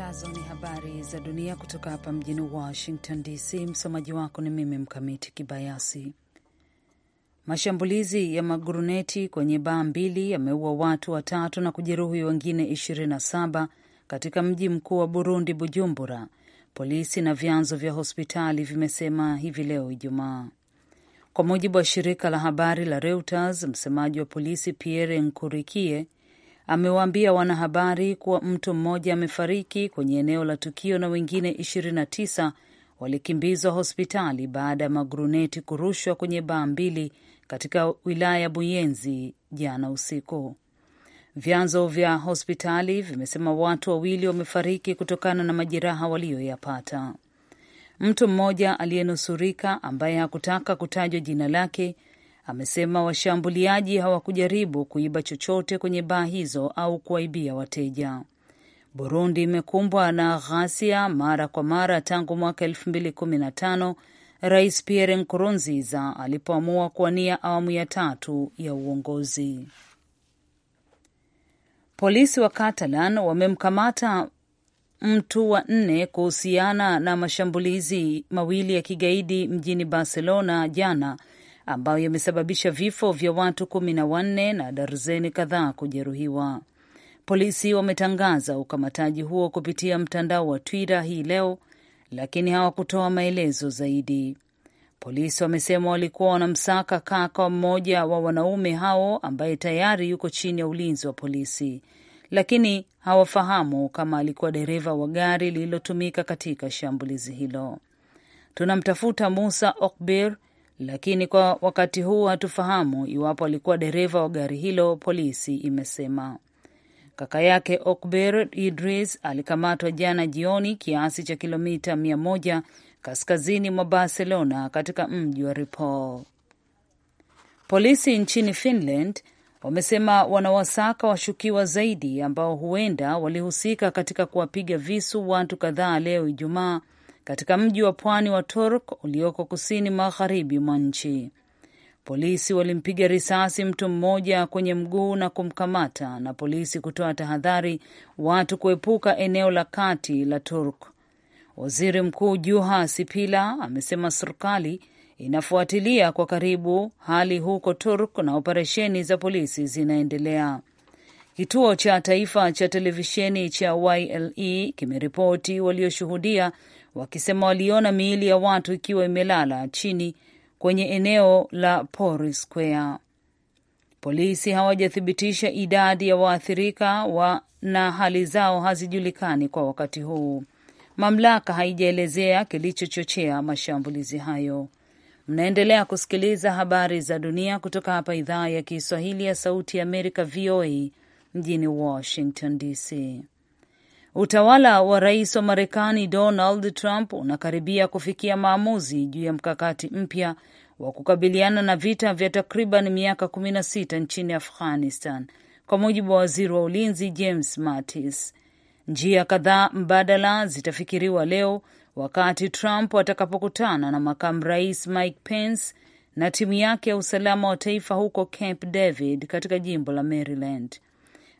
zifuatazo ni habari za dunia kutoka hapa mjini Washington DC. Msomaji wako ni mimi Mkamiti Kibayasi. Mashambulizi ya maguruneti kwenye baa mbili yameua watu watatu na kujeruhi wengine 27 katika mji mkuu wa Burundi, Bujumbura, polisi na vyanzo vya hospitali vimesema hivi leo Ijumaa, kwa mujibu wa shirika la habari la Reuters. Msemaji wa polisi Pierre Nkurikie amewaambia wanahabari kuwa mtu mmoja amefariki kwenye eneo la tukio na wengine 29 walikimbizwa hospitali baada ya maguruneti kurushwa kwenye baa mbili katika wilaya ya Buyenzi jana usiku. Vyanzo vya hospitali vimesema watu wawili wamefariki kutokana na majeraha waliyoyapata. Mtu mmoja aliyenusurika ambaye hakutaka kutajwa jina lake Amesema washambuliaji hawakujaribu kuiba chochote kwenye baa hizo au kuwaibia wateja. Burundi imekumbwa na ghasia mara kwa mara tangu mwaka 2015 Rais Pierre Nkurunziza alipoamua kuwania awamu ya tatu ya uongozi. Polisi wa Catalan wamemkamata mtu wa nne kuhusiana na mashambulizi mawili ya kigaidi mjini Barcelona jana ambayo yamesababisha vifo vya watu kumi na wanne na darzeni kadhaa kujeruhiwa. Polisi wametangaza ukamataji huo kupitia mtandao wa Twitter hii leo, lakini hawakutoa maelezo zaidi. Polisi wamesema walikuwa wanamsaka kaka mmoja wa wanaume hao ambaye tayari yuko chini ya ulinzi wa polisi, lakini hawafahamu kama alikuwa dereva wa gari lililotumika katika shambulizi hilo. Tunamtafuta Musa Okbir lakini kwa wakati huu hatufahamu iwapo alikuwa dereva wa gari hilo, polisi imesema. Kaka yake Okber Idris alikamatwa jana jioni kiasi cha kilomita mia moja kaskazini mwa Barcelona katika mji wa Ripoll. Polisi nchini Finland wamesema wanawasaka washukiwa zaidi ambao huenda walihusika katika kuwapiga visu watu kadhaa leo Ijumaa katika mji wa pwani wa Turk ulioko kusini magharibi mwa nchi. Polisi walimpiga risasi mtu mmoja kwenye mguu na kumkamata, na polisi kutoa tahadhari watu kuepuka eneo la kati la Turk. Waziri Mkuu Juha Sipila amesema serikali inafuatilia kwa karibu hali huko Turk na operesheni za polisi zinaendelea. Kituo cha taifa cha televisheni cha YLE kimeripoti walioshuhudia wakisema waliona miili ya watu ikiwa imelala chini kwenye eneo la Pori Square. Polisi hawajathibitisha idadi ya waathirika wa na hali zao hazijulikani kwa wakati huu. Mamlaka haijaelezea kilichochochea mashambulizi hayo. Mnaendelea kusikiliza habari za dunia kutoka hapa idhaa ya Kiswahili ya Sauti ya Amerika, VOA mjini Washington DC. Utawala wa rais wa Marekani Donald Trump unakaribia kufikia maamuzi juu ya mkakati mpya wa kukabiliana na vita vya takriban miaka kumi na sita nchini Afghanistan, kwa mujibu wa waziri wa ulinzi James Mattis. Njia kadhaa mbadala zitafikiriwa leo wakati Trump atakapokutana na makamu rais Mike Pence na timu yake ya usalama wa taifa huko Camp David katika jimbo la Maryland.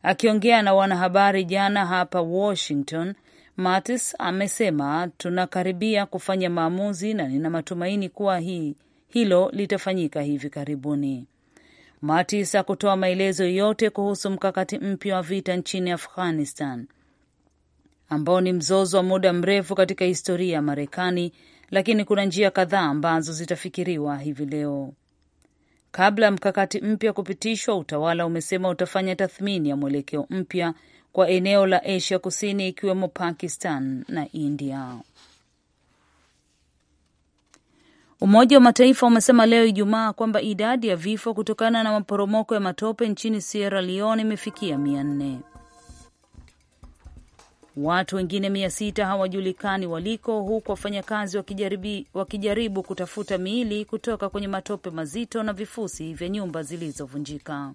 Akiongea na wanahabari jana hapa Washington, Mattis amesema tunakaribia kufanya maamuzi na nina matumaini kuwa hii hilo litafanyika hivi karibuni. Mattis hakutoa maelezo yote kuhusu mkakati mpya wa vita nchini Afghanistan ambao ni mzozo wa muda mrefu katika historia ya Marekani, lakini kuna njia kadhaa ambazo zitafikiriwa hivi leo. Kabla ya mkakati mpya kupitishwa, utawala umesema utafanya tathmini ya mwelekeo mpya kwa eneo la Asia Kusini, ikiwemo Pakistan na India. Umoja wa Mataifa umesema leo Ijumaa kwamba idadi ya vifo kutokana na maporomoko ya matope nchini Sierra Leone imefikia mia nne. Watu wengine mia sita hawajulikani waliko, huku wafanyakazi wakijaribu, wakijaribu kutafuta miili kutoka kwenye matope mazito na vifusi vya nyumba zilizovunjika.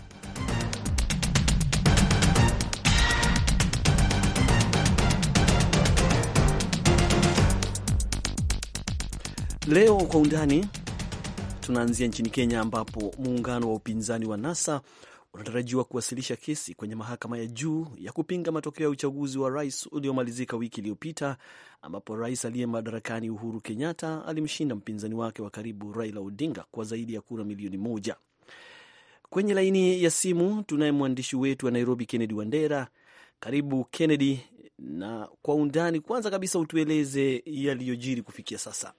Leo kwa undani tunaanzia nchini Kenya ambapo muungano wa upinzani wa NASA unatarajiwa kuwasilisha kesi kwenye mahakama ya juu ya kupinga matokeo ya uchaguzi wa rais uliomalizika wiki iliyopita ambapo rais aliye madarakani Uhuru Kenyatta alimshinda mpinzani wake wa karibu Raila Odinga kwa zaidi ya kura milioni moja. Kwenye laini ya simu tunaye mwandishi wetu wa Nairobi, Kennedy Wandera. Karibu Kennedy, na kwa undani, kwanza kabisa utueleze yaliyojiri kufikia sasa.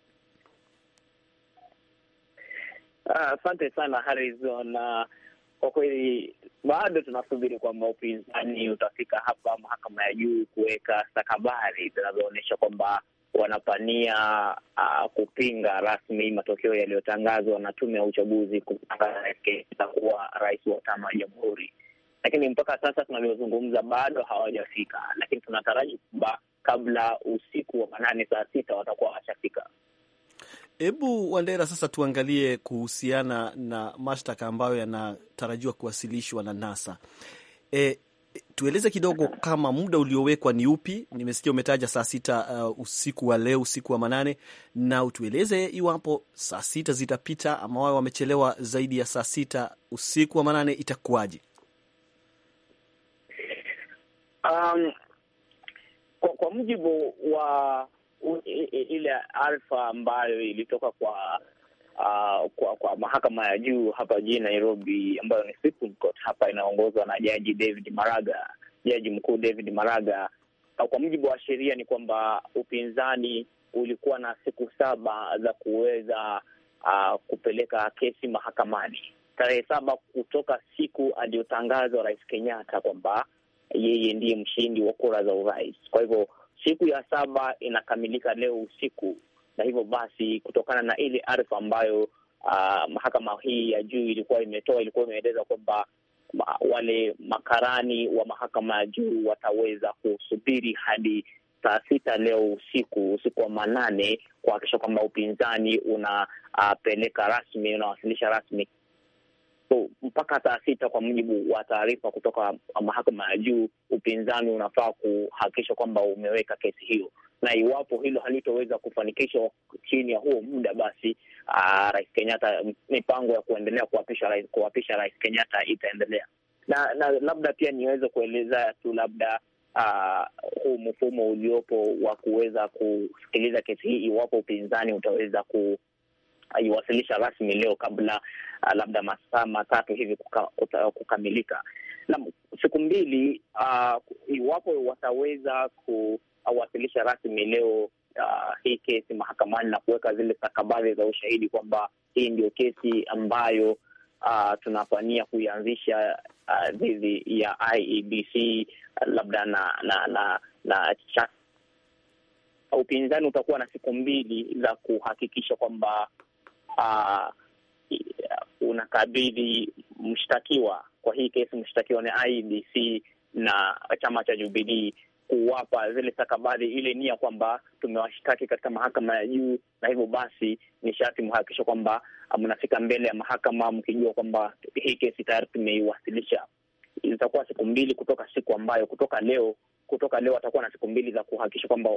Ah, asante uh, sana Harrison. kwa kweli bado tunasubiri kwamba upinzani utafika hapa mahakama ya juu kuweka stakabari zinazoonyesha kwamba wanapania uh, kupinga rasmi matokeo yaliyotangazwa na tume ya uchaguzi kumtangaza kuwa rais wa tano wa jamhuri, lakini mpaka sasa tunavyozungumza bado hawajafika, lakini tunataraji kwamba kabla usiku wa manane saa sita watakuwa washafika. Hebu Wandera, sasa tuangalie kuhusiana na mashtaka ambayo yanatarajiwa kuwasilishwa na NASA. E, tueleze kidogo kama muda uliowekwa ni upi? Nimesikia umetaja saa sita uh, usiku wa leo, usiku wa manane, na utueleze iwapo saa sita zitapita ama wao wamechelewa zaidi ya saa sita usiku wa manane itakuwaje? Um, kwa, kwa mujibu wa ile alfa ambayo ilitoka kwa Uh, kwa kwa mahakama ya juu hapa jijini Nairobi ambayo ni Supreme Court hapa inaongozwa na Jaji David Maraga, Jaji Mkuu David Maraga. Kwa mujibu wa sheria ni kwamba upinzani ulikuwa na siku saba za kuweza uh, kupeleka kesi mahakamani, tarehe saba kutoka siku aliyotangazwa Rais Kenyatta kwamba yeye ndiye mshindi wa kura za urais. Kwa hivyo siku ya saba inakamilika leo usiku, na hivyo basi, kutokana na ile arifa ambayo uh, mahakama hii ya juu ilikuwa imetoa, ilikuwa imeeleza kwamba ma, wale makarani wa mahakama ya juu wataweza kusubiri hadi saa sita leo usiku, usiku wa manane, kuhakikisha kwamba upinzani unapeleka uh, rasmi, unawasilisha rasmi So mpaka saa sita, kwa mujibu wa taarifa kutoka mahakama ya juu, upinzani unafaa kuhakikisha kwamba umeweka kesi hiyo, na iwapo hilo halitoweza kufanikishwa chini ya huo muda, basi aa, ah, Rais Kenyatta, mipango ya kuendelea kuwapisha Rais Kenyatta itaendelea. Na, na labda pia niweze kueleza tu labda Uh, huu mfumo uliopo wa kuweza kusikiliza kesi hii, iwapo upinzani utaweza ku, aiwasilisha rasmi leo kabla uh, labda masaa matatu hivi kuka, kukamilika na siku mbili uh, iwapo wataweza kuwasilisha rasmi leo uh, hii kesi mahakamani na kuweka zile stakabadhi za ushahidi kwamba hii ndio kesi ambayo Uh, tunafania kuianzisha uh, dhidi uh, ya IEBC uh, labda na na na, na upinzani utakuwa na siku mbili za kuhakikisha kwamba uh, unakabidhi mshtakiwa, kwa hii kesi mshtakiwa ni idc na chama cha jubilii kuwapa zile stakabadhi ile nia kwamba tumewashtaki katika mahakama ya juu, na hivyo basi ni sharti mhakikisha kwamba ah, mnafika mbele ya mahakama mkijua kwamba hii kesi tayari tumeiwasilisha. Itakuwa siku mbili kutoka siku ambayo, kutoka leo kutoka leo watakuwa na siku mbili za kuhakikisha kwamba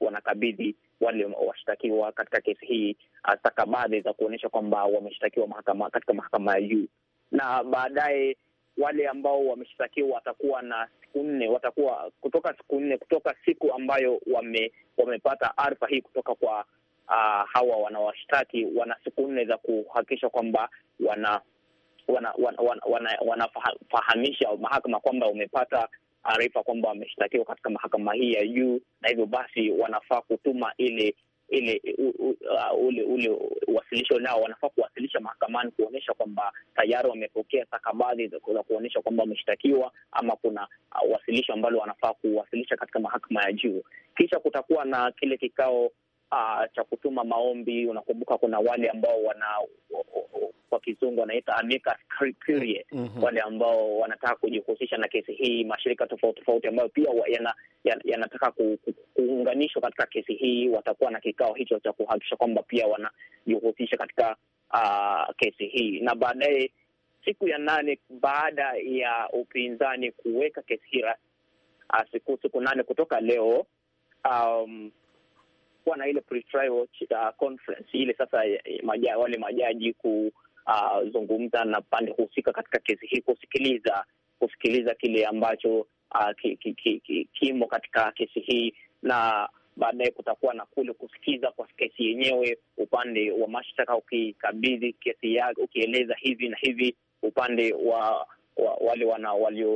wanakabidhi wale washtakiwa katika kesi hii ah, stakabadhi za kuonyesha kwamba wameshtakiwa mahakama, katika mahakama ya juu, na baadaye wale ambao wameshtakiwa watakuwa na siku nne, watakuwa kutoka siku nne kutoka siku ambayo wame, wamepata arfa hii kutoka kwa Uh, hawa wanawashtaki wana siku nne za kuhakikisha kwamba wanafahamisha wana, wana, wana, wana, wana mahakama kwamba wamepata arifa kwamba wameshtakiwa katika mahakama hii ya juu, na hivyo basi wanafaa kutuma ile ile uh, ule ule uwasilisho nao wanafaa kuwasilisha mahakamani kuonyesha kwamba tayari wamepokea stakabadhi za kuonyesha kwamba wameshtakiwa, ama kuna uh, wasilisho ambalo wanafaa kuwasilisha katika mahakama ya juu. Kisha kutakuwa na kile kikao uh, cha kutuma maombi. Unakumbuka kuna wale ambao wana kwa kizungu wanaita amicus curiae, mm -hmm. wale ambao wanataka kujihusisha na kesi hii, mashirika tofauti tofauti ambayo pia yanataka yana, yana kuunganishwa katika kesi hii, watakuwa na kikao hicho cha kuhakikisha kwamba pia wanajihusisha katika uh, kesi hii na baadaye siku ya nane baada ya upinzani kuweka kesi hii uh, siku siku nane kutoka leo, um, kuwa na ile pre-trial uh, conference ile sasa eh, eh, maja, wale majaji kuzungumza uh, na pande husika katika kesi hii, kusikiliza kusikiliza kile ambacho uh, ki, ki, ki, ki, kimo katika kesi hii na baadaye kutakuwa na kule kusikiza kwa kesi yenyewe, upande wa mashtaka ukikabidhi kesi yake, ukieleza hivi na hivi, upande wa, wa wale wana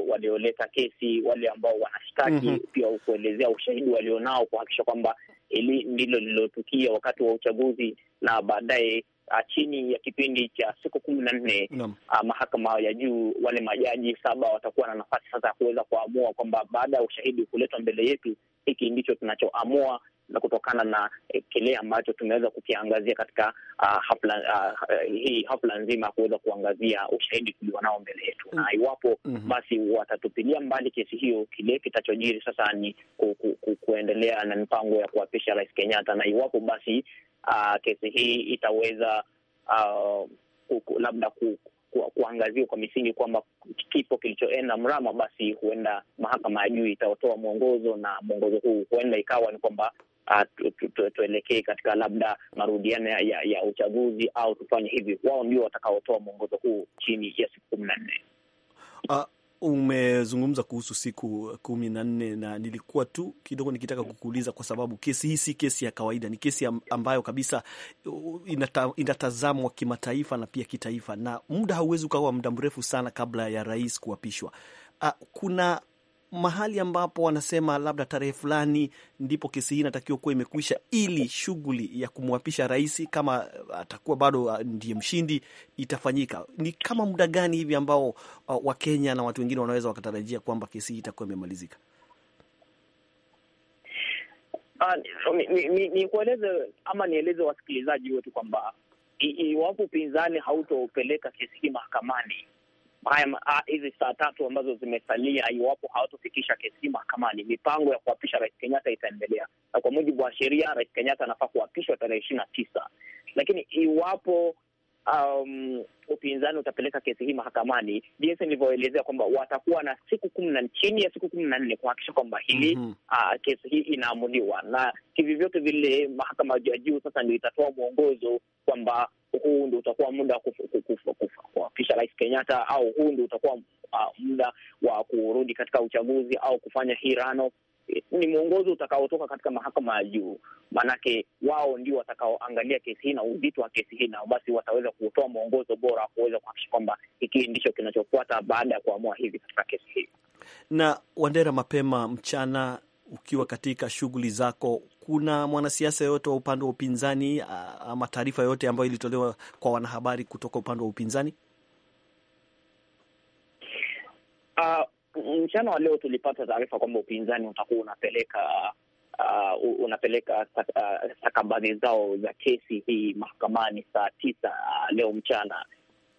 walioleta kesi, wale ambao wanashtaki mm -hmm. pia kuelezea ushahidi walionao kuhakikisha kwamba ili ndilo lililotukia wakati wa uchaguzi na baadaye ah, chini ya kipindi cha siku kumi na nne ah, mahakama ya juu, wale majaji saba watakuwa na nafasi sasa ya kuweza kuamua kwamba baada ya ushahidi kuletwa mbele yetu, hiki ndicho tunachoamua na kutokana na eh, kile ambacho tumeweza kukiangazia katika uh, hafla uh, hii hafla nzima ya kuweza kuangazia ushahidi nao mbele yetu mm. na iwapo mm -hmm. basi watatupilia mbali kesi hiyo, kile kitachojiri sasa ni ku, ku, ku, kuendelea na mipango ya kuapisha Rais Kenyatta, na iwapo basi uh, kesi hii itaweza uh, labda ku kuangaziwa kwa misingi kwamba kipo kilichoenda mrama, basi huenda mahakama ya juu itatoa mwongozo, na mwongozo huu huenda ikawa ni kwamba Ah, tuelekee katika labda marudiano ya, ya uchaguzi au tufanye hivi. Wao ndio watakaotoa mwongozo huu chini ya siku kumi na nne. Ah, umezungumza kuhusu siku kumi na nne na nilikuwa tu kidogo nikitaka kukuuliza kwa sababu kesi hii si kesi ya kawaida, ni kesi ambayo kabisa inata, inatazamwa kimataifa na pia kitaifa, na muda hauwezi ukawa muda mrefu sana kabla ya rais kuapishwa. Ah, kuna mahali ambapo wanasema labda tarehe fulani ndipo kesi hii inatakiwa kuwa imekwisha, ili shughuli ya kumwapisha rais, kama atakuwa bado uh, ndiye mshindi, itafanyika. Ni kama muda gani hivi ambao uh, Wakenya na watu wengine wanaweza wakatarajia kwamba kesi hii itakuwa imemalizika? Uh, ah, nikueleze ni, ni ama nieleze wasikilizaji wetu kwamba iwapo upinzani hautopeleka kesi hii mahakamani haya ah, hizi saa tatu ambazo zimesalia, iwapo hawatofikisha kesi mahakamani, mipango ya kuapisha rais Kenyatta itaendelea, na kwa mujibu wa sheria rais Kenyatta anafaa kuapishwa tarehe ishirini na tisa, lakini iwapo um, upinzani utapeleka kesi hii mahakamani, jinsi nilivyoelezea kwamba watakuwa na siku kumi na chini ya siku kumi na nne kuhakikisha kwamba hili mm -hmm. uh, kesi hii inaamuliwa, na kivyovyote vile mahakama ya juu sasa ndio itatoa mwongozo kwamba huu ndo utakuwa muda wa kuapisha Rais Kenyatta au huu ndo utakuwa uh, muda wa kurudi katika uchaguzi au kufanya hii runoff ni mwongozo utakaotoka katika mahakama ya juu, maanake wao ndio watakaoangalia kesi hii na uzito wa kesi hii, nao basi wataweza kutoa mwongozo bora wa kuweza kuhakikisha kwamba hiki ndicho kinachofuata baada ya kuamua hivi katika kesi hii. Na Wandera, mapema mchana ukiwa katika shughuli zako, kuna mwanasiasa yoyote wa upande wa upinzani ama taarifa yoyote ambayo ilitolewa kwa wanahabari kutoka upande wa upinzani? Uh, mchana wa leo tulipata taarifa kwamba upinzani utakuwa unapeleka uh, unapeleka uh, stakabadhi uh, zao za kesi hii mahakamani saa tisa uh, leo mchana,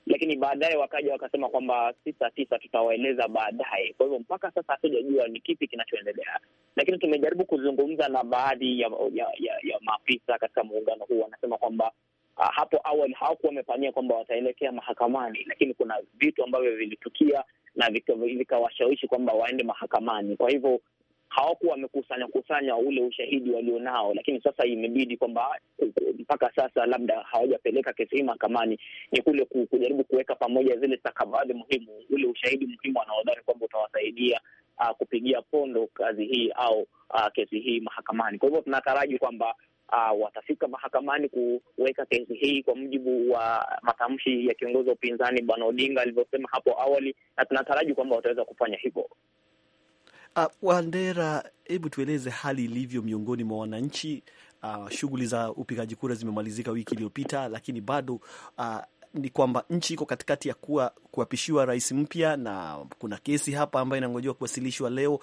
lakini baadaye wakaja wakasema kwamba si saa tisa, tutawaeleza baadaye. Kwa hivyo mpaka sasa hatujajua ni kipi kinachoendelea, lakini tumejaribu kuzungumza na baadhi ya, ya, ya, ya maafisa katika muungano huu, wanasema kwamba Uh, hapo awali hawakuwa wamefanyia kwamba wataelekea mahakamani, lakini kuna vitu ambavyo vilitukia na vikawashawishi kwamba waende mahakamani. Kwa hivyo hawakuwa wamekusanya kusanya ule ushahidi walionao, lakini sasa imebidi kwamba mpaka sasa labda hawajapeleka kesi hii mahakamani, ni kule kujaribu kuweka pamoja zile stakabadhi muhimu, ule ushahidi muhimu wanaodhani kwamba utawasaidia uh, kupigia pondo kazi hii au uh, kesi hii mahakamani. Kwa hivyo tunataraji kwamba uh, watafika mahakamani kuweka kesi hii kwa mujibu wa matamshi ya kiongozi wa upinzani Bwana Odinga alivyosema hapo awali, na tunataraji kwamba wataweza kufanya hivyo. Uh, Wandera, hebu tueleze hali ilivyo miongoni mwa wananchi. Uh, shughuli za upigaji kura zimemalizika wiki iliyopita, lakini bado uh, ni kwamba nchi iko katikati ya kuwa kuapishiwa rais mpya na kuna kesi hapa ambayo inangojewa kuwasilishwa leo.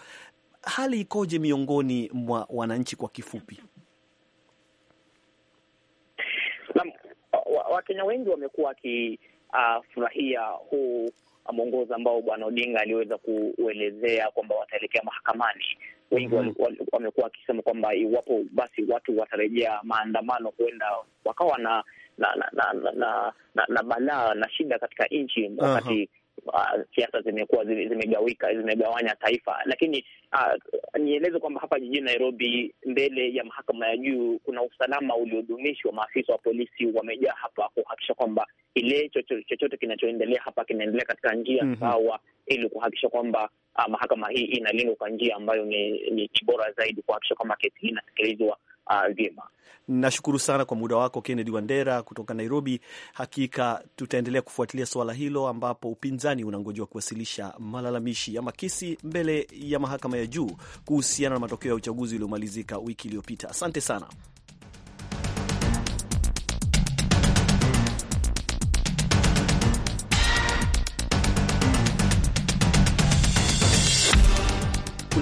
Hali ikoje miongoni mwa wananchi kwa kifupi? Naam, Wakenya wengi wamekuwa wakifurahia ah, uh, huu mwongozo ambao bwana Odinga aliweza kuelezea kwamba wataelekea mahakamani. Wengi mm -hmm. wamekuwa wakisema kwamba iwapo basi watu watarejea maandamano, huenda wakawa na na na, na, na, na, na balaa na shida katika nchi wakati uh -huh uh, siasa zimekuwa zimegawika, zimegawanya taifa. Lakini uh, nieleze kwamba hapa jijini Nairobi, mbele ya mahakama ya juu, kuna usalama uliodumishwa. Maafisa wa polisi wamejaa hapa kuhakikisha kwamba kile chochote kinachoendelea hapa kinaendelea katika njia mm -hmm. sawa ili kuhakikisha kwamba uh, mahakama hii inalindwa kwa njia ambayo ni, ni bora zaidi kuhakikisha kwamba kesi hii inatekelezwa vyema. Nashukuru sana kwa muda wako Kennedy Wandera kutoka Nairobi. Hakika tutaendelea kufuatilia suala hilo, ambapo upinzani unangojiwa kuwasilisha malalamishi ama kesi mbele ya mahakama ya juu kuhusiana na matokeo ya uchaguzi uliomalizika wiki iliyopita. Asante sana.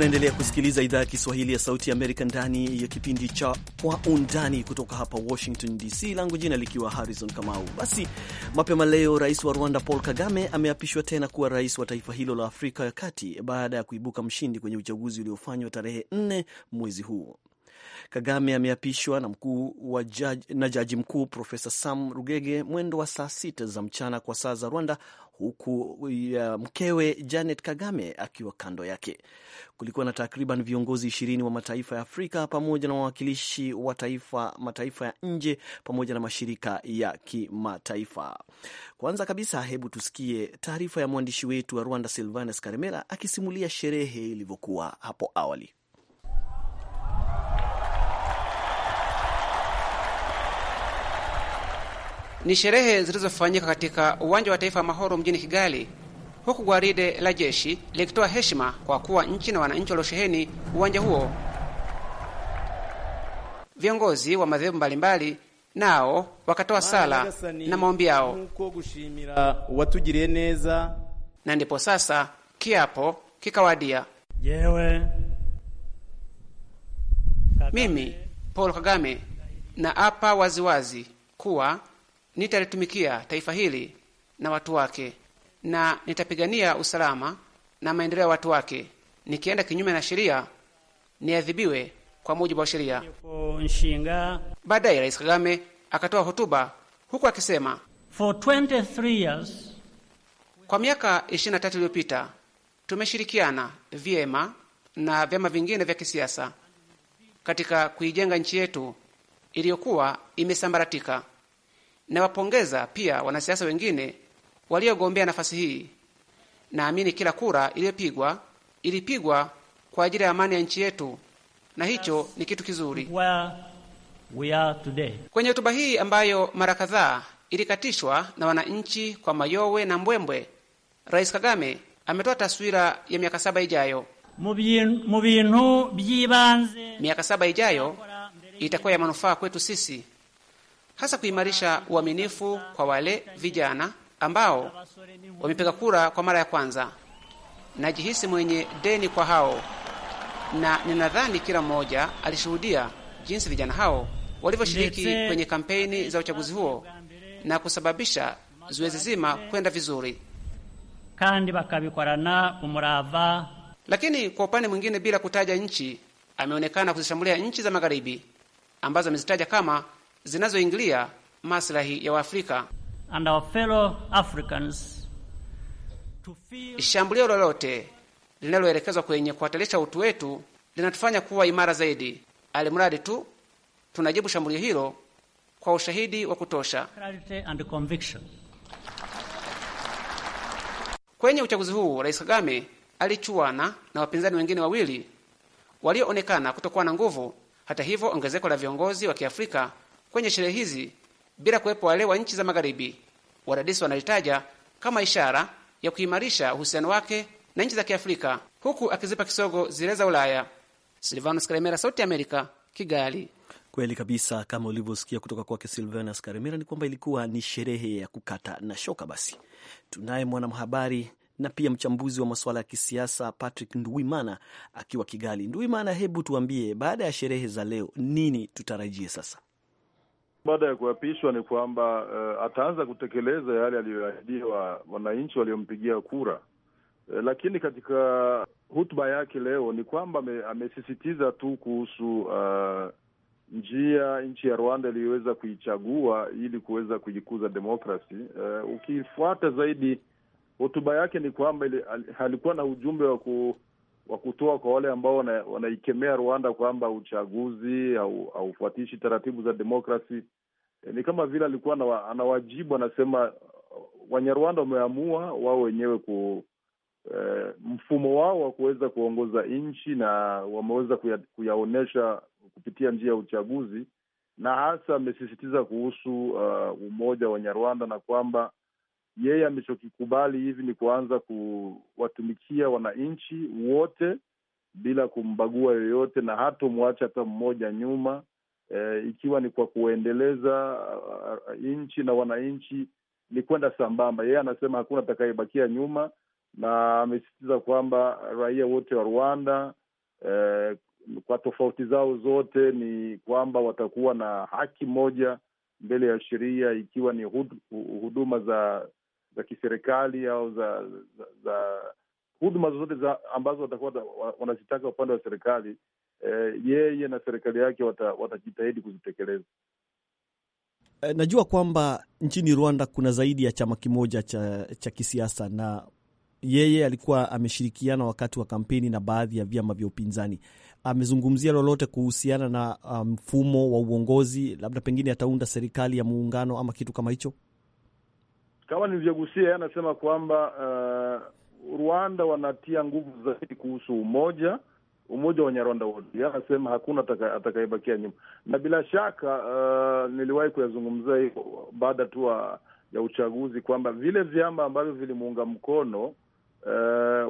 Unaendelea kusikiliza idhaa ya Kiswahili ya Sauti ya Amerika ndani ya kipindi cha Kwa Undani kutoka hapa Washington DC, langu jina likiwa Harrison Kamau. Basi mapema leo, rais wa Rwanda Paul Kagame ameapishwa tena kuwa rais wa taifa hilo la Afrika ya Kati baada ya kuibuka mshindi kwenye uchaguzi uliofanywa tarehe 4 mwezi huu. Kagame ameapishwa na mkuu wa jaji, na jaji mkuu Profesa Sam Rugege mwendo wa saa sita za mchana kwa saa za Rwanda, huku ya mkewe Janet Kagame akiwa kando yake. Kulikuwa na takriban viongozi ishirini wa mataifa ya Afrika pamoja na wawakilishi wa taifa, mataifa ya nje pamoja na mashirika ya kimataifa. Kwanza kabisa, hebu tusikie taarifa ya mwandishi wetu wa Rwanda Silvanus Karemera akisimulia sherehe ilivyokuwa hapo awali. ni sherehe zilizofanyika katika uwanja wa taifa Mahoro mjini Kigali, huku gwaride la jeshi likitoa heshima kwa kuwa nchi na wananchi waliosheheni uwanja huo. Viongozi wa madhehebu mbalimbali nao wakatoa sala na maombi yao, na ndipo sasa kiapo kikawadia. Jewe, mimi Paul Kagame na apa waziwazi kuwa nitalitumikia taifa hili na watu wake, na nitapigania usalama na maendeleo ya watu wake. Nikienda kinyume na sheria, niadhibiwe kwa mujibu wa sheria. Baadaye Rais Kagame akatoa hotuba huku akisema, For 23 years, kwa miaka 23 iliyopita tumeshirikiana vyema na vyama vingine vya kisiasa katika kuijenga nchi yetu iliyokuwa imesambaratika. Nawapongeza pia wanasiasa wengine waliogombea nafasi hii. Naamini kila kura iliyopigwa ilipigwa kwa ajili ya amani ya nchi yetu, na hicho ni kitu kizuri. Kwenye hotuba hii ambayo mara kadhaa ilikatishwa na wananchi kwa mayowe na mbwembwe, Rais Kagame ametoa taswira ya miaka saba ijayo. Miaka saba ijayo itakuwa ya manufaa kwetu sisi hasa kuimarisha uaminifu kwa wale vijana ambao wamepiga kura kwa mara ya kwanza. Najihisi mwenye deni kwa hao, na ninadhani kila mmoja alishuhudia jinsi vijana hao walivyoshiriki kwenye kampeni za uchaguzi huo na kusababisha zoezi zima kwenda vizuri kandi bakabikorana umurava. Lakini kwa upande mwingine, bila kutaja nchi, ameonekana kuzishambulia nchi za magharibi ambazo amezitaja kama zinazoingilia maslahi ya Waafrika. Shambulio lolote linaloelekezwa kwenye kuhatarisha utu wetu linatufanya kuwa imara zaidi, alimradi tu tunajibu shambulio hilo kwa ushahidi wa kutosha. Kwenye uchaguzi huu Rais Kagame alichuana na wapinzani wengine wawili walioonekana kutokuwa na nguvu. Hata hivyo, ongezeko la viongozi wa Kiafrika kwenye sherehe hizi bila kuwepo wale wa nchi za Magharibi. Wadadisi wanalitaja kama ishara ya kuimarisha uhusiano wake na nchi za Kiafrika, huku akizipa kisogo zile za Ulaya. Silvanus Karemera, Sauti ya Amerika, Kigali. Kweli kabisa, kama ulivyosikia kutoka kwake Silvanus Karemera ni kwamba ilikuwa ni sherehe ya kukata na shoka. Basi tunaye mwanamhabari na pia mchambuzi wa masuala ya kisiasa Patrick Nduimana akiwa Kigali. Nduimana, hebu tuambie, baada ya sherehe za leo, nini tutarajie sasa? baada ya kuapishwa ni kwamba uh, ataanza kutekeleza yale aliyoahidiwa wananchi waliompigia kura uh, lakini katika hutuba yake leo ni kwamba amesisitiza tu kuhusu uh, njia nchi ya Rwanda iliyoweza kuichagua ili kuweza kuikuza demokrasi. Uh, ukifuata zaidi hotuba yake ni kwamba alikuwa na ujumbe wa ku wa kutoa kwa wale ambao wanaikemea Rwanda kwamba uchaguzi haufuatishi taratibu za demokrasi. Eh, ni kama vile alikuwa anawajibu, anasema Wanyarwanda wameamua wao wenyewe ku e, mfumo wao wa kuweza kuongoza nchi na wameweza kuyaonyesha kupitia njia ya uchaguzi, na hasa amesisitiza kuhusu uh, umoja wa Nyarwanda na kwamba yeye amechokikubali hivi ni kuanza kuwatumikia wananchi wote bila kumbagua yoyote, na hatomwacha hata mmoja nyuma e, ikiwa ni kwa kuendeleza uh, uh, nchi na wananchi ni kwenda sambamba. Yeye anasema hakuna atakayebakia nyuma, na amesisitiza kwamba raia wote wa Rwanda e, kwa tofauti zao zote ni kwamba watakuwa na haki moja mbele ya sheria, ikiwa ni huduma za za kiserikali au za za, za huduma zozote za ambazo watakuwa wanazitaka upande wa serikali eh, yeye na serikali yake watajitahidi wata kuzitekeleza. Eh, najua kwamba nchini Rwanda kuna zaidi ya chama kimoja cha, cha kisiasa na yeye alikuwa ameshirikiana wakati wa kampeni na baadhi ya vyama vya upinzani. Amezungumzia lolote kuhusiana na ah, mfumo um, wa uongozi, labda pengine ataunda serikali ya muungano ama kitu kama hicho? kama nilivyogusia, anasema kwamba uh, Rwanda wanatia nguvu zaidi kuhusu umoja umoja wa Wanyarwanda wote. Anasema hakuna atakayebakia nyuma, na bila shaka uh, niliwahi kuyazungumzia hio baada tu ya uchaguzi kwamba vile vyama ambavyo vilimuunga mkono uh,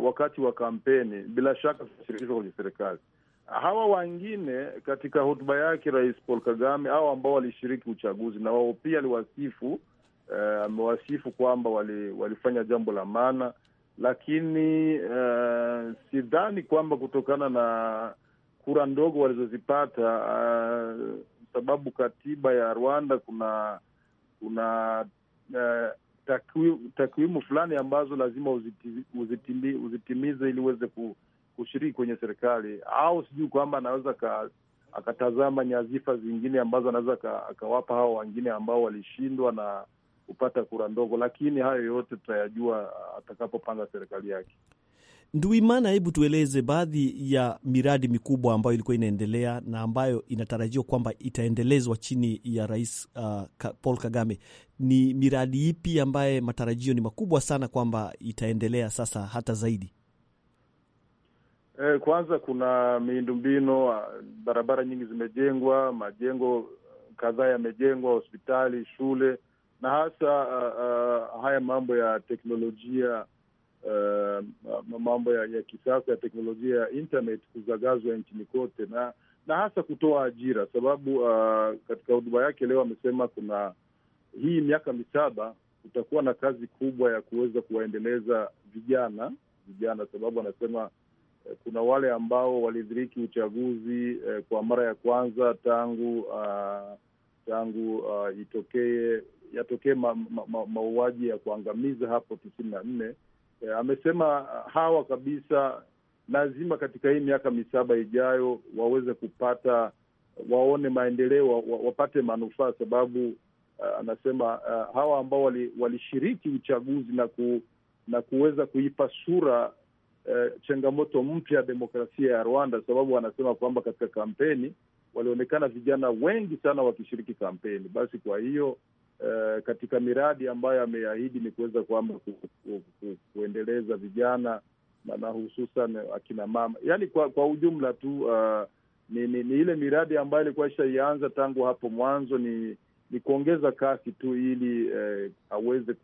wakati wa kampeni bila shaka vitashirikishwa kwenye serikali. Hawa wengine, katika hotuba yake Rais Paul Kagame, au ambao walishiriki uchaguzi, na wao pia aliwasifu Eh, amewasifu kwamba wali, walifanya jambo la maana, lakini uh, sidhani kwamba kutokana na kura ndogo walizozipata uh, sababu katiba ya Rwanda kuna kuna uh, takwimu takwimu fulani ambazo lazima uzitimi, uzitimi, uzitimize ili uweze kushiriki kwenye serikali, au sijui kwamba anaweza akatazama nyazifa zingine ambazo anaweza akawapa hawa wengine ambao walishindwa na kupata kura ndogo, lakini hayo yote tutayajua uh, atakapopanga serikali yake. Nduimana, hebu tueleze baadhi ya miradi mikubwa ambayo ilikuwa inaendelea na ambayo inatarajiwa kwamba itaendelezwa chini ya Rais uh, Paul Kagame. Ni miradi ipi ambaye matarajio ni makubwa sana kwamba itaendelea sasa hata zaidi? Eh, kwanza kuna miundombinu, uh, barabara nyingi zimejengwa, majengo uh, kadhaa yamejengwa, hospitali, shule na hasa uh, uh, haya mambo ya teknolojia uh, mambo ya, ya kisasa ya teknolojia ya internet kuzagazwa nchini kote na na hasa kutoa ajira, sababu uh, katika hotuba yake leo amesema kuna hii miaka misaba kutakuwa na kazi kubwa ya kuweza kuwaendeleza vijana vijana, sababu anasema eh, kuna wale ambao walidhiriki uchaguzi eh, kwa mara ya kwanza tangu uh, tangu uh, itokee yatokee mauaji ma, ma, ma, ya kuangamiza hapo tisini na nne. E, amesema hawa kabisa lazima katika hii miaka misaba ijayo waweze kupata waone maendeleo wapate manufaa, sababu uh, anasema uh, hawa ambao walishiriki wali uchaguzi na ku, na kuweza kuipa sura uh, changamoto mpya ya demokrasia ya Rwanda, sababu wanasema kwamba katika kampeni walionekana vijana wengi sana wakishiriki kampeni. Basi kwa hiyo Eh, katika miradi ambayo ameahidi ni kuweza kwamba ku, ku, ku, kuendeleza vijana na, na hususan akina mama, yaani kwa, kwa ujumla tu uh, ni, ni, ni ile miradi ambayo ilikuwa ishaianza tangu hapo mwanzo ni ni kuongeza kasi tu ili eh, aweze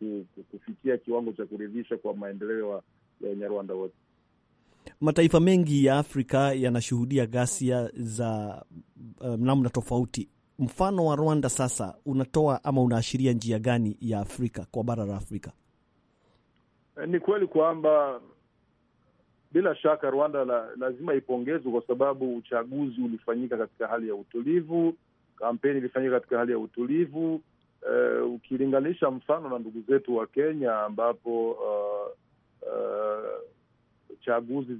kufikia kiwango cha kuridhisha kwa maendeleo ya Wanyarwanda wote. Mataifa mengi ya Afrika yanashuhudia ghasia za uh, namna tofauti mfano wa Rwanda sasa unatoa ama unaashiria njia gani ya Afrika kwa bara la Afrika? Eh, ni kweli kwamba bila shaka Rwanda la, lazima ipongezwe kwa sababu uchaguzi ulifanyika katika hali ya utulivu, kampeni ilifanyika katika hali ya utulivu. Uh, ukilinganisha mfano na ndugu zetu wa Kenya ambapo uh, chaguzi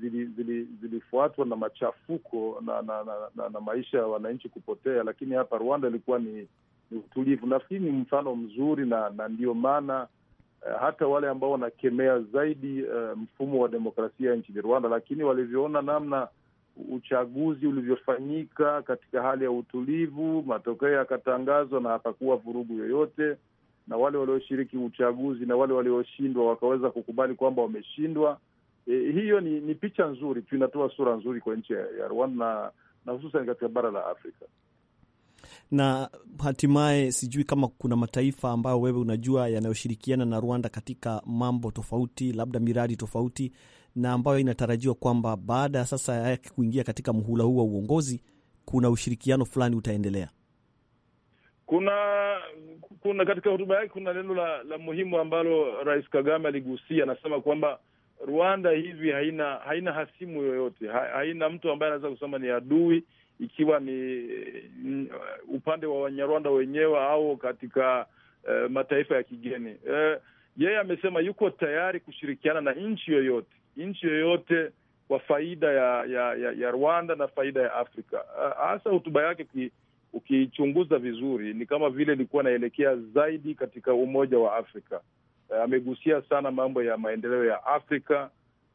zilifuatwa zili, na machafuko na na, na, na na maisha ya wananchi kupotea, lakini hapa Rwanda ilikuwa ni, ni utulivu. Nafikiri ni mfano mzuri na, na ndio maana eh, hata wale ambao wanakemea zaidi uh, mfumo wa demokrasia nchini Rwanda, lakini walivyoona namna uchaguzi ulivyofanyika katika hali ya utulivu, matokeo yakatangazwa na hapakuwa vurugu yoyote, na wale walioshiriki uchaguzi na wale walioshindwa wakaweza kukubali kwamba wameshindwa, E, hiyo ni, ni picha nzuri tu, inatoa sura nzuri kwa nchi ya Rwanda na, na hususan katika bara la Afrika na hatimaye, sijui kama kuna mataifa ambayo wewe unajua yanayoshirikiana na Rwanda katika mambo tofauti, labda miradi tofauti, na ambayo inatarajiwa kwamba baada ya sasa yake kuingia katika muhula huu wa uongozi, kuna ushirikiano fulani utaendelea. Kuna kuna katika hotuba yake kuna neno la, la muhimu ambalo Rais Kagame aligusia, anasema kwamba Rwanda hivi haina haina hasimu yoyote, haina mtu ambaye anaweza kusema ni adui, ikiwa ni upande wa Wanyarwanda wenyewe au katika uh, mataifa ya kigeni uh, yeye amesema yuko tayari kushirikiana na nchi yoyote, nchi yoyote kwa faida ya, ya, ya, ya Rwanda na faida ya Afrika. Eh, hasa hotuba yake ukiichunguza vizuri, ni kama vile ilikuwa naelekea zaidi katika umoja wa Afrika. Eh, amegusia sana mambo ya maendeleo ya Afrika.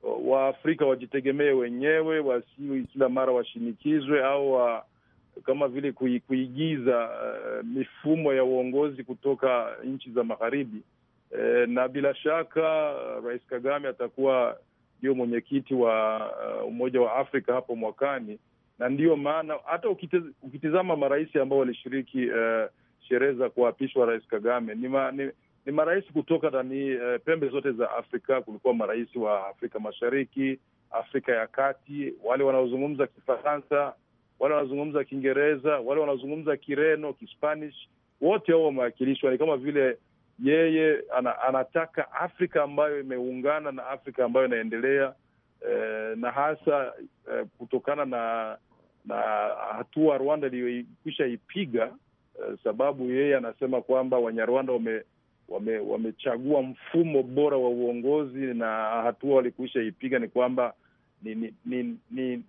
Eh, Waafrika wajitegemee wenyewe, wasiwe kila mara washinikizwe au wa, kama vile kuigiza uh, mifumo ya uongozi kutoka nchi za magharibi. uh, na bila shaka Rais Kagame atakuwa ndio mwenyekiti wa uh, Umoja wa Afrika hapo mwakani, na ndiyo maana hata ukitizama marais ambao walishiriki uh, sherehe za kuapishwa Rais Kagame ni, ma, ni, ni marais kutoka nani eh, pembe zote za Afrika. Kulikuwa marais wa Afrika Mashariki, Afrika ya Kati, wale wanaozungumza Kifaransa, wale wanaozungumza Kiingereza, wale wanaozungumza Kireno, Kispanish, wote hao wamewakilishwa. Ni kama vile yeye ana, anataka Afrika ambayo imeungana na Afrika ambayo inaendelea eh, na hasa eh, kutokana na na hatua Rwanda iliyokwisha ipiga eh, sababu yeye anasema kwamba Wanyarwanda wame wame, wamechagua mfumo bora wa uongozi, na hatua walikuisha ipiga ni kwamba ni ni ni ni,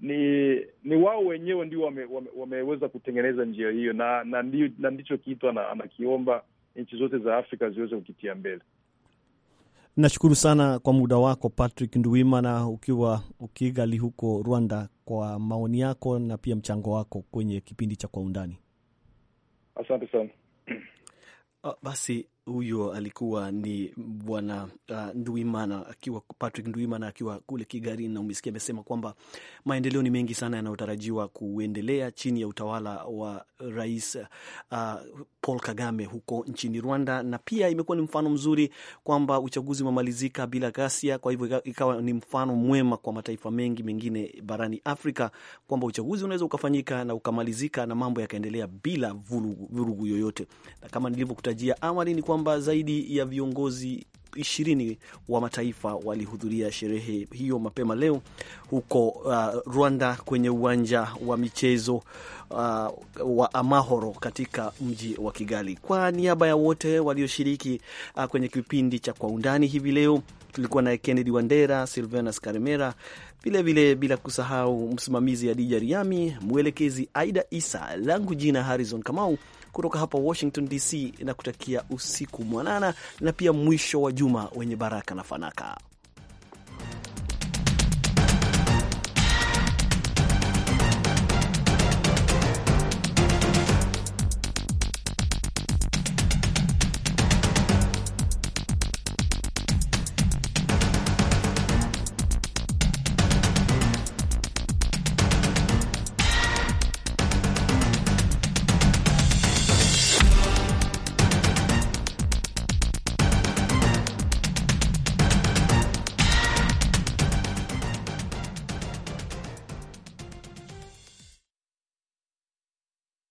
ni, ni wao wenyewe ndio wame, wame, wameweza kutengeneza njia hiyo, na na, ndio, na ndicho kitu anakiomba nchi zote za Afrika ziweze kukitia mbele. Nashukuru sana kwa muda wako Patrick Nduwimana, ukiwa Ukigali huko Rwanda, kwa maoni yako na pia mchango wako kwenye kipindi cha Kwa Undani. Asante sana. Ah, basi huyo alikuwa ni bwana uh, Nduimana akiwa Patrick Nduimana akiwa kule Kigali, na umesikia amesema kwamba maendeleo ni mengi sana yanayotarajiwa kuendelea chini ya utawala wa Rais uh, Paul Kagame huko nchini Rwanda, na pia imekuwa ni mfano mzuri kwamba uchaguzi umemalizika bila ghasia. Kwa hivyo ikawa ni mfano mwema kwa mataifa mengi mengine barani Afrika kwamba uchaguzi unaweza ukafanyika na ukamalizika na mambo yakaendelea bila vurugu, vurugu yoyote, na kama nilivyokutajia awali ni kwamba zaidi ya viongozi ishirini wa mataifa walihudhuria sherehe hiyo mapema leo huko uh, Rwanda kwenye uwanja wa michezo uh, wa Amahoro katika mji wa Kigali. Kwa niaba ya wote walioshiriki uh, kwenye kipindi cha Kwa Undani hivi leo tulikuwa naye Kennedy Wandera, Silvanus Karemera vilevile, bila kusahau msimamizi Adija Riami, mwelekezi Aida Isa, langu jina Harrison Kamau kutoka hapa Washington DC na kutakia usiku mwanana na pia mwisho wa juma wenye baraka na fanaka.